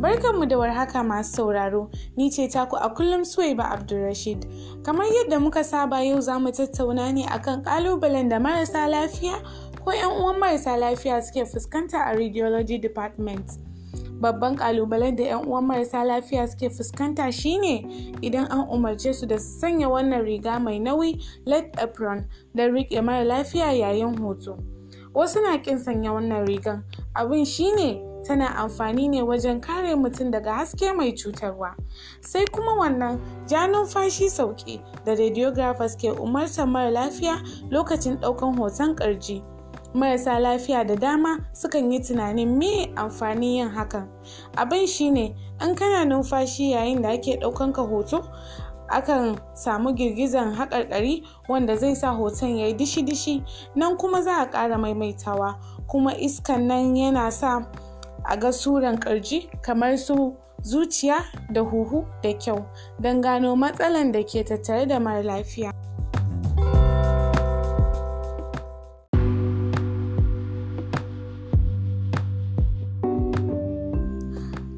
Barkanmu da warhaka masu sauraro, ni ce taku a kullum Suwaiba Abdulrashid. Kamar yadda muka saba yau za mu tattauna ne akan kalubalen da marasa lafiya ko 'yan uwan marasa lafiya suke fuskanta a Radiology Department. Babban kalubalen da 'yan uwan marasa lafiya suke fuskanta shine idan an umarce su da su sanya wannan riga mai nauyi leg apron da riƙe mara lafiya yayin hoto. Wasu na ƙin sanya wannan rigan, abin shine tana amfani ne wajen kare mutum daga haske mai cutarwa sai kuma wannan ja numfashi sauki da radiographers ke umarta mara lafiya lokacin ɗaukan hoton ƙarji marasa lafiya da dama sukan yi tunanin me amfani yin hakan abin shine in kana numfashi yayin da ake ɗaukan ka hoto akan samu girgizan haƙarƙari wanda zai sa hoton ya yi dishi-dishi nan kuma za a ƙara maimaitawa kuma iskan nan yana sa a ga suran kamar su zuciya da huhu da kyau don gano matsalan da ke tattare da mara lafiya.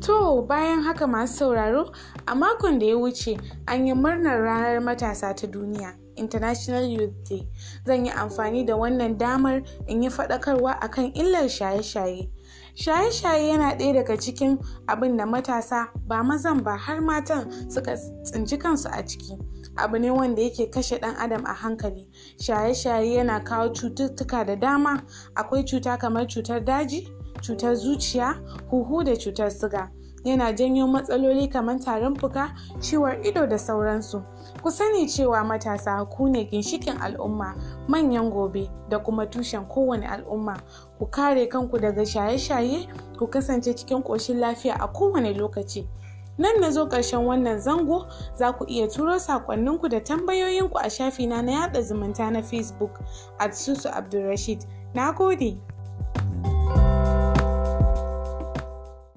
To bayan haka masu sauraro a makon da ya wuce an yi murnar ranar matasa ta duniya. International Youth Day. Zan yi amfani da wannan damar in yi faɗakarwa akan illar shaye-shaye. Shaye-shaye yana ɗaya daga cikin abin da matasa ba mazan ba har matan suka tsinci kansu a ciki. Abu ne wanda yake kashe ɗan adam a hankali. Shaye-shaye yana kawo cututtuka da dama. Akwai cuta kamar cutar daji, cutar zuciya huhu da cutar siga yana janyo matsaloli kamar tarin fuka ciwon ido da sauransu ku sani cewa matasa ku ne ginshikin al'umma manyan gobe da kuma tushen kowane al'umma ku kare kanku daga shaye-shaye ku kasance cikin ƙoshin lafiya a kowane lokaci nan na zo ƙarshen wannan zango za ku iya turo sakonninku da tambayoyinku a shafina na yada zumunta na facebook at susu abdulrashid na gode